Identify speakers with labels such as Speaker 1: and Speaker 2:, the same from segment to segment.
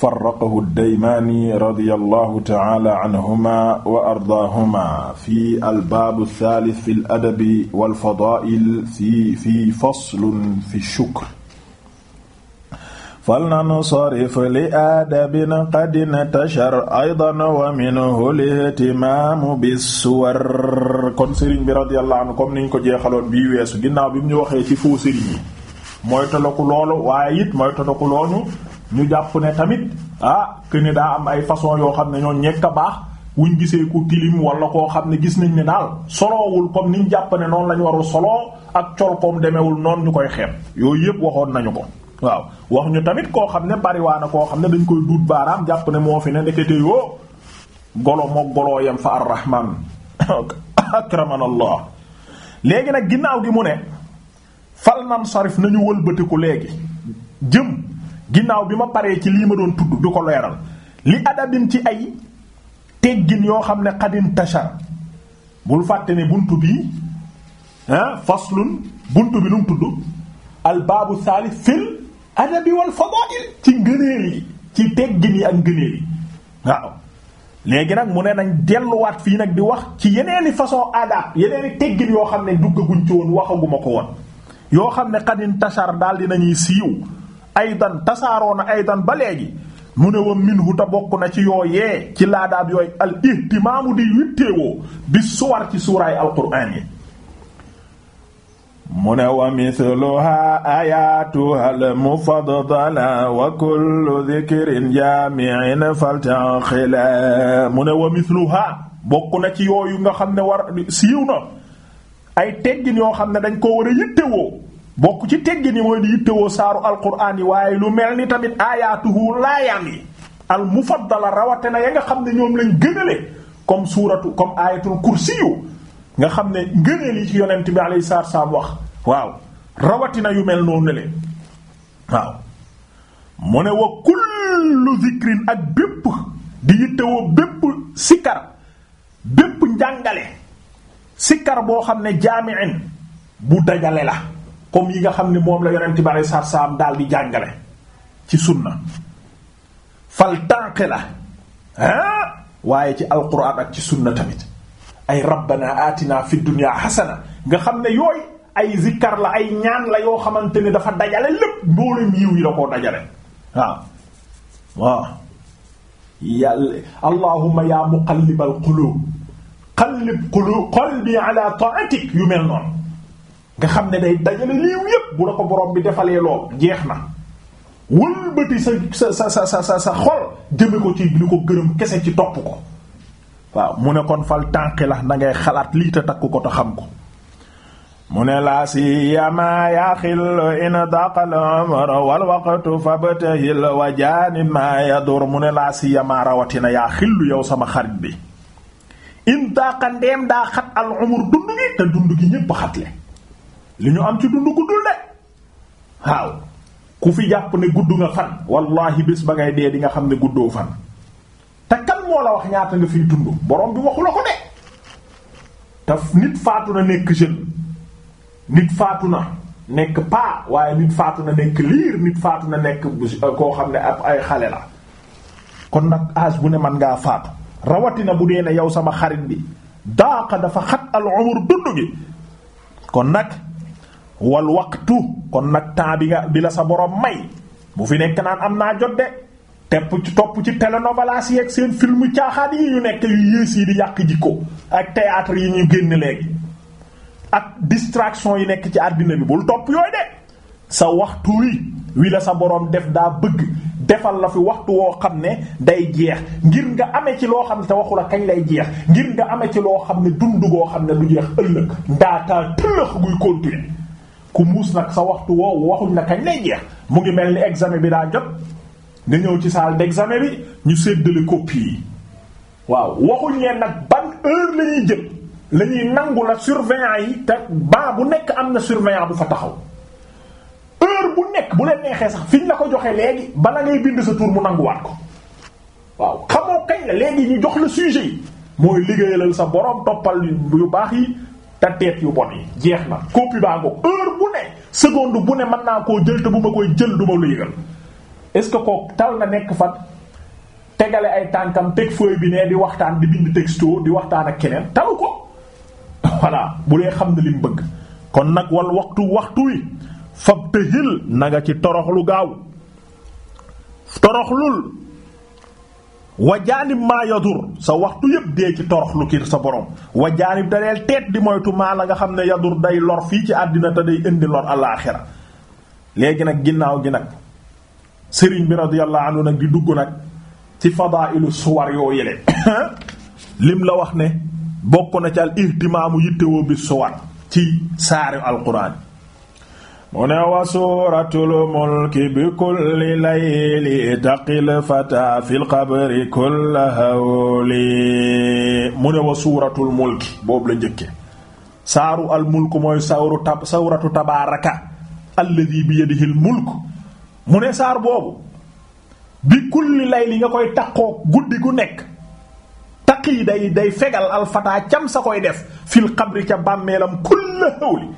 Speaker 1: farraqahu daymaani radiyallahu ta'ala anhuma wa ardaahuma fi albaabu althaalith fi aladabi walfadaa'il fi fi faslun fi shukr falnansarif li aadabin qad intashar aydan wa minhu lihtimaamu bissuwar kon sëriñ bi radiyallahu anhu comme niñ ko jeexaloon bii weesu ginnaaw bi mu ñu waxee ci faux sëriñ yi mooy toloku loolu waaye it mooy toloku loolu ñu jàpp ne tamit ah que ne daa am ay façon yoo xam ne ñoo ñekk a baax wuñ gisee ku tilim wala koo xam ne gis nañ ne daal soloowul comme niñ jàpp ne noonu lañ warul soloo ak col koom demewul noonu ñu koy xeeb yooyu yëpp waxoon nañu ko waaw wax ñu tamit koo xam ne bariwaana koo xam ne dañ koy duut baaraam jàpp ne moo fi ne ndekete yoo golo moo golo yem fa arrahman akramanallah léegi nag ginnaaw gi mu ne fal nan sarif nañu wëlbatiku léegi jëm ginnaaw bi ma paree ci lii ma doon tudd du ko leeral li adabin ci ay teggin yoo xam ne xadin tashar bul fàtte ne buntu bi ah faslun bunt bi lu mu tudd al baabu saali fil adabi wal fadaa'il ci ngëneel yi ci teggin yi ak ngëneel yi waaw léegi nag mu ne nañ delluwaat fii nag di wax ci yeneeni façon adab yeneeni teggin yoo xam ne duggaguñ ci woon waxaguma ko woon yoo xam ne xadin tashar daal dinañuy siiw aydan tasaaroo na aydan ba léegi mu ne wa minhu te bokk na ci yooyee ci laadaab yooyu al di witteewoo bi suwar ci suuraay alquraan yi mu ne wa mithluha ayatuha al mufaddala wa kullu dhikrin jaami'in faltaxila mu ne wa mithluha bokk na ci yooyu nga xam ne war siiw na ay teggin yoo xam ne dañ ko war a bokk ci tegg ni mooy di yittewoo saaru alquraan yi waaye lu mel ni tamit aayaatuhu laayaam yi al mufaddala rawate na ya nga xam ne ñoom lañ gënale comme suuratu comme aayatul kursiyu nga xam ne ngëneel yi ci yonent bi alayhi salaatu saar wax waaw rawatina yu mel noonu le waaw mu ne wa kullu zikrin ak bépp di yittewoo bépp sikkar bépp njàngale sikkar boo xam ne jaami'in bu dajale la comme yi nga xam ne moom la yonent bi aleyhi salaatu salaam daal di jàngale ci sunna fal tànqe la ah waaye ci alquran ak ci sunna tamit ay rabbana atina fi dunya hasana nga xam ne yooyu ay zikkar la ay ñaan la yoo xamante ne dafa dajale lépp mboolem yiw yi da koo dajale waaw waaw yàlla allahumma ya muqallibal qulub qallib qulub qalbi ala ta'atik yu mel noonu nga xam ne day dajale liiw yépp bu la ko borom bi defalee lool jeex na wëlbati sa sa sa sa sa sa xol jëme ko ci li ko gërëm kese ci topp ko waaw mu ne kon fal tànqi la da xalaat lii te takk ko te xam ko mu ne laa si yama yaxillu in daqal umr wal waqtu fabtahil wa janib ma yadur mu ne laa si yama rawatina yaa xillu yow sama xarit bi in daqa ndeem daa xat al umr dund gi te dund gi ñépp xatle li ñu am ci dund guddul de waaw ku fi jàpp ne gudd nga fan wallahi bés ba ngay dee di nga xam ne guddoo fan te kan moo la wax ñaata nga fiy dund borom bi waxu la ko de te nit faatu na nekk sën nit faatu na nekk paa waaye nit faatu na nekk liir nit faatu na nekk koo xam ne ab ay xale la kon nag âge bu ne man ngaa faatu rawatina bu dee ne yow sama xarit bi daaqa dafa xat al umur dund gi kon nag wal waqtu kon nag temps bi la sa borom may bu fi nekk naan am naa jot de tepp ci topp ci telenovelas yi ak seen film caaxaan yi ñu nekk yu yées yi di yàq jikko ak théâtre yi ñu génn léegi ak distraction yi nekk ci àddina bi bul topp yooy de sa waxtu wi wi la sa borom def daa bëgg defal la fi waxtu woo xam ne day jeex ngir nga amee ci loo xam ne te waxu la kañ lay jeex ngir nga amee ci loo xam ne dund goo xam ne du jeex ëllëg ndaataa tëllëx guy ku muus nag sa waxtu woowu waxuñ na kañ lay jeex mu ngi mel ni examen bi daa jot nga ñëw ci salle d'examen bi ñu séddale copie yi waaw waxuñ leen nag ban heure la ñuy jël la ñuy nangu la surveillant yi te ba bu nekk am na surveillant bu fa taxaw heure bu nekk bu leen neexee sax fi ñu la ko joxe léegi bala ngay bind sa tur mu nanguwaat ko waaw xamoo kañ la léegi ñu jox la sujet yi mooy liggéeyalal sa borom toppal yu baax yi te teet yu bon yi jeex na copie baa ngo heure bu ne seconde bu ne mën naa koo jël te bu ma koy jël du ma la yëgal est-ce que kooku tal na nekk fan tegale ay tànkam teg feuille bi ne di waxtaan di bind texto di waxtaan ak keneen talu ko voilà bu dee xam na li bëgg kon nag wal waxtu waxtu wi fab te hil na ci toroxlu gaaw toroxlul wa jaanib maa yadur sa waxtu yëpp dee ci torox lu kiir sa borom wa jaanib te teet di moytu maa la nga xam ne yadur day lor fii ci àddina te day indi lor alaaxira léegi nag ginnaaw gi nag sëriñ bi radiyallahu anhu nag di dugg nag ci fadaa'ilu suwar yoo yële lim la wax ne bokk na ci al ihtimaamu yittewoo bi suwar ci saari alquraan mu ne wa suuratul mulki bi kulli layli taqil fata fil qabri kulla hawli mu ne wa suuratul mulki boobu la njëkke saaru al mulk mooy sawru tab sawratu tabaaraka alladi bi yadihil mulk mu ne saar boobu bi kulli layli nga koy takkoo guddi gu nekk yi day day fegal alfataa cam sa def fil xabri ca bàmmeelam kulla hawli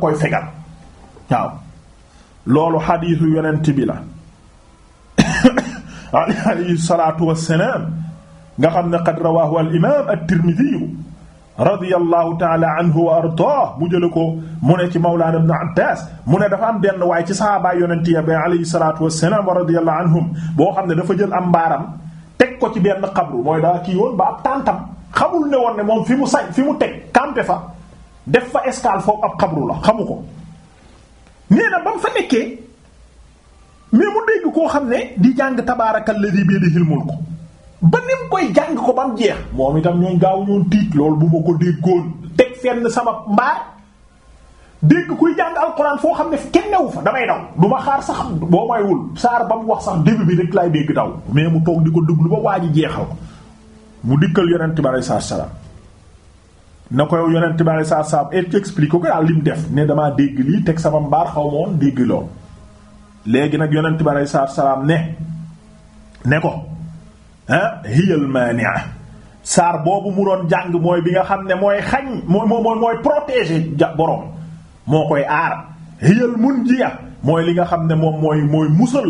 Speaker 1: koy fegal waaw loolu xadiisu yonent bi la nga xam ne qad rawaahu al imaam radiyallahu taala anhu wa ardaah mu jële ko mu ne ci mawlaana ibn Abbaas mu ne dafa am benn waaye ci saxaabaay yonent ya ba alayhi salaatu wassalaam wa radiyallahu anhum boo xam ne dafa jël am mbaaram teg ko ci benn xabru mooy daa kii woon ba ab tàntam xamul ne woon ne moom fi mu sañ fi mu teg campé fa def fa escale foofu ab xabru la xamu ko nee na ba mu fa nekkee mais mu dégg koo xam ne di jàng di biyadihil mulk ko ba nim koy jàng ko ba mu jeex moom itam ñooñ gaaw ñoon tiit loolu bu ma ko déggoon teg fenn sama mbaar dégg kuy jàng alxuraan foo xam ne kenn newu fa damay daw duma ma xaar sax boo ba mu wax sax début laay dégg daw mais mu toog di ko déglu ba waa ji jeexal dikkal yonent bi alayhi salaam ko yow yonent bi alayhi salaam et def ne damaa dégg lii teg sama mbaar xaw ma woon nag yonent bi alayhi salaam ne ko ah hiyal maani'a saar boobu mu doon jàng mooy bi nga xam ne mooy xañ mooy mooy mooy protéger boroom. moo koy aar hiyal munjiya mooy li nga xam ne moom mooy mooy musal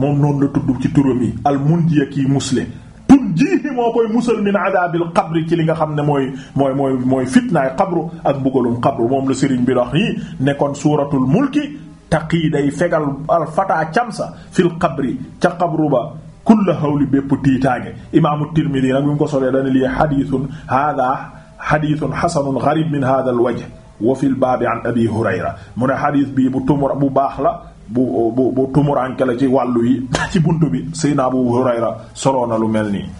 Speaker 1: moom noonu la tudd ci turam yi al munjiya kii musle tunjihi moo koy musal min adaabil qabri ci li nga xam ne mooy mooy mooy mooy fitnaay qabru ak mbugalum qabru moom la sëriñ bi wax nii nekkoon suuratul mulki taqii day fegal al fataa camsa fil qabri ca qabru ba kulla hawli bépp tiitaange imaamu Tirmidi nag bi mu ko solee dana lii xadiisun haadaa xadiisun xasanun gariib min haadal wajh wa fil baabi an abi hurayra mu ne xadis bii bu tumur bu baax la bu bu bu tumuranke la ci wàllu yi ci bunt bi sayna abu hurayra soloona lu mel nii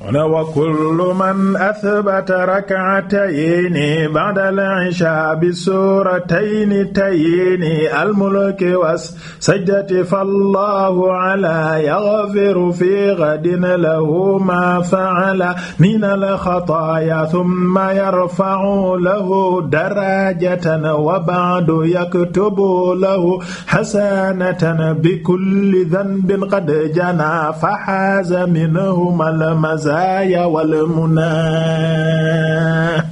Speaker 1: ne wa kullu man athbata rak'atayni ba'da al-'isha bi suuratayni tayni al-mulki was sajdati fallahu 'ala yaghfiru fi ghadin lahu ma fa'ala min al-khataaya thumma yarfa'u lahu darajatan wa ba'du yaktubu lahu hasanatan bi kulli dhanbin qad janaa fa haaza minhuma al-mazaa hudaaya wal munaa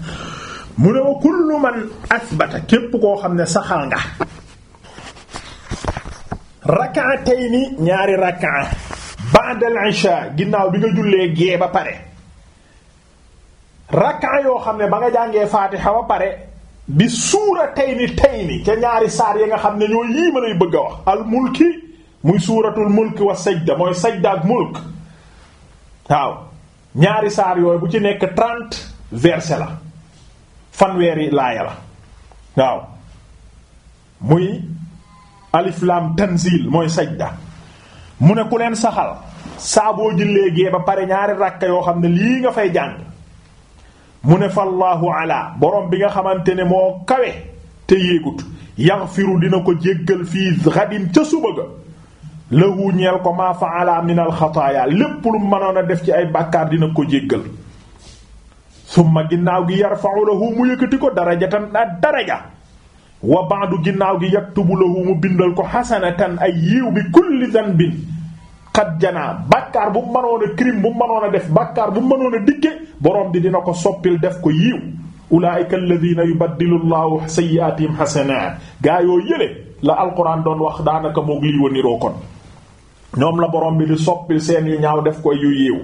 Speaker 1: mu ne wa kullu man asbata képp koo xam ne saxal nga rakaatayni ñaari rakaa ba'dal isha ginnaaw bi nga jullee gee ba pare rakaa yoo xam ne ba nga jàngee faatiha ba pare bi suuratayni tayni ca ñaari saar ya nga xam ne ñoo yii ma lay bëgg a wax al muy suuratul mulk wa sajda mooy sajda ak mulk waaw ñaari saar yooyu bu ci nekk trente versets la fanweeri laaya la waaw muy alif lam tanzil mooy sajda mu ne ku leen saxal saa boo jullee gee ba pare ñaari rakka yoo xam ne lii nga fay jàng mu ne fa allahu ala borom bi nga xamante ne moo kawe te yéegut yaghfiru dina ko jéggal fii ghadin ca suba ga lahu ñeel ko maa faala min alxataaya lépp lu mënoon a def ci ay bakkaar dina ko jéggal summa ginnaaw gi yarfa'u lahu mu yëkkati ko darajatan ak daraja wa ba'du ginnaaw gi yaktubu lahu mu bindal ko xasanatan ay yiiw bi kulli dhanbin qad janaa bu mënoon a crime bu mënoon a def bàkkaar bu mënoon a dikke borom bi dina ko soppil def ko yiiw ulaa'ika alladhiina yubaddilu llaahu sayyi'aatihim hasanaat gaa yoo yële la alquran doon wax daanaka moog lii ñoom la borom bi di soppil seen yu ñaaw def koy yu yiw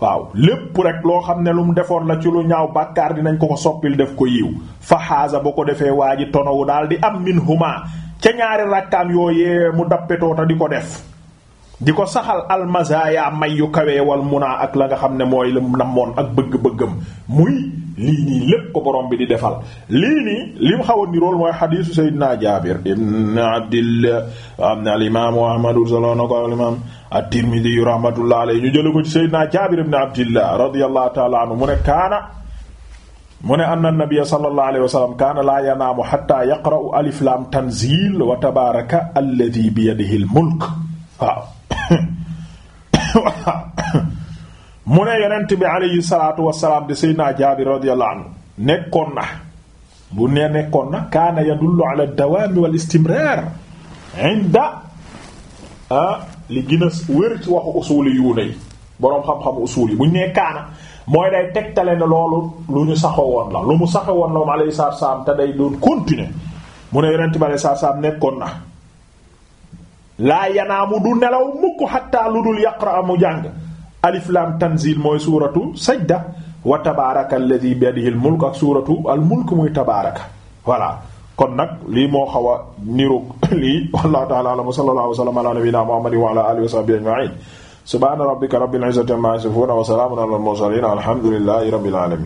Speaker 1: waaw lépp rek loo xam ne lu mu defoon la ci lu ñaaw bàkkaar dinañ ko ko soppil def ko yiw fa xaasa ba ko defee waa ji tonowu daal di am min huma ca ñaari rakkaam yooyee mu dappetoo ta di ko def di ko saxal almazaya may yu kawee wal munaa ak la nga xam ne mooy la namoon ak bëgg-bëggam muy lii nii lépp ko borom bi di defal lii nii li mu xaw a nirool mooy xadiisu sayyidina Jaabir ibn Abdillah am na alimaamu Ahmadu solo na ko alimaam at-Tirmidhi rahmatullah alayhi ñu jële ko ci sayyidina Jaabir ibn Abdillah radiyallahu ta'ala anhu mu ne kaana mu ne anna nabiyya sallallahu alayhi wa sallam kaana laa yanaamu hatta yaqra'u alif laam tanziil wa tabaaraka alladhi biyadihi al-mulk waaw mu ne yonent bi alayhi salaatu wassalaam de seydinaa jaabir radiyallahu anhu nekkoon na bu ne nekkoon na kaana yadullu ala dawaami wal istimraar inda li gën a wér ci waxu usuuli yuuna yi boroom xam-xamu usuul yi bu ñu nee kaana mooy day tegtale na loolu lu ñu saxo la lu mu saxo woon la moom alayhi salaatu wassalaam te day doon continuer mu ne yonent bi alayhi salaatu wassalaam nekkoon na laa yanaamu du nelaw mukk xattaa lu dul yaqra mu jàng alif lam tanzil mooy suuratu sajda wa tabaaraka alladi biyadihi al mulk ak suuratu al mulk muy tabaaraka voilà kon nag lii moo xaw a niru lii wallahu ta'ala a'lam wa sallallahu alayhi wa sallam ala nabiyyina muhammadin wa ala alihi wa sahbihi ajma'in subhana rabbika rabbil izzati amma yasifun wa salamun ala al mursalin alhamdulillahi rabbil alamin